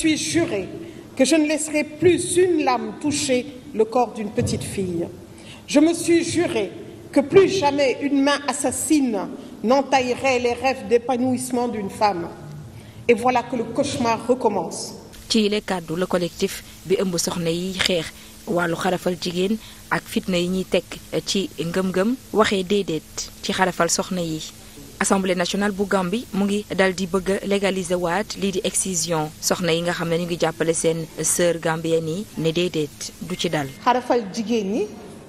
suis juré que je ne laisserai plus une lame toucher le corps d'une petite fille. Je me suis juré que plus jamais une main assassine n'entaillerait les rêves d'épanouissement d'une femme. Et voilà que le cauchemar recommence. ci yile kàddu la collectif bi ëmb soxna yi xeex wàllu xarafal jigéen ak fitna yi ñuy teg ci ngëm-ngëm waxee déedéet ci xarafal soxna yi. assemblée nationale bu Gambie mu ngi dal di bëgg a waat lii di excision soxna yi nga xam ne ñu ngi jàppale seen sœur gambie nii ne déedéet du ci dal. xarafal jigéen ñi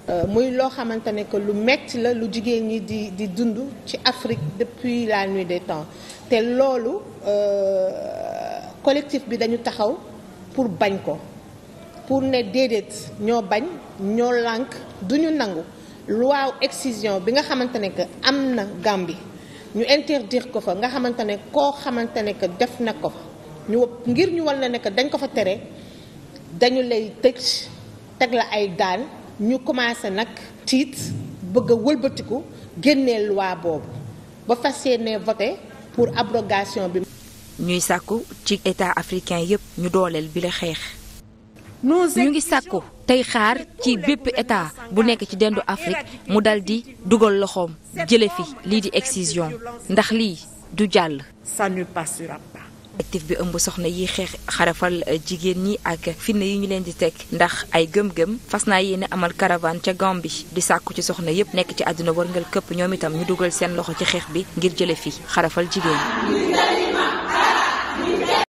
euh, muy loo xamante ne que lu metti la lu jigéen ñi di di dund ci Afrique depuis la nuit des temps te loolu euh, collectif bi dañu taxaw pour bañ ko pour ne déedéet ñoo bañ ñoo lànk duñu nangu loi excision bi nga xamante ne que am na Gambie. ñu interdir ko fa nga xamante ne koo xamante ne que def na ko fa ñu ngir ñu wal na ne que dañ ko fa tere dañu lay tëj teg la ay daan ñu commencé nag tiit bëgg wëlbatiku génnee loi boobu ba fas yéenee voté pour abrogation bi. ñuy sàkku ci état africain yépp ñu dooleel bi xeex. ñu ngi sàkku tey xaar ci bépp état bu nekk ci dendu Afrique mu dal di dugal loxoom jële fi lii di excision ndax lii du jàll. ça ne passera bi ëmb soxna yi xeex xarafal jigéen ñi ak finna yi ñu leen di teg ndax ay gëm-gëm fas naa yéene amal caravane ca Gambie di sàkku ci soxna yépp nekk ci àdduna wërngal këpp ñoom itam ñu dugal seen loxo ci xeex bi ngir jële fi xarafal jigéen.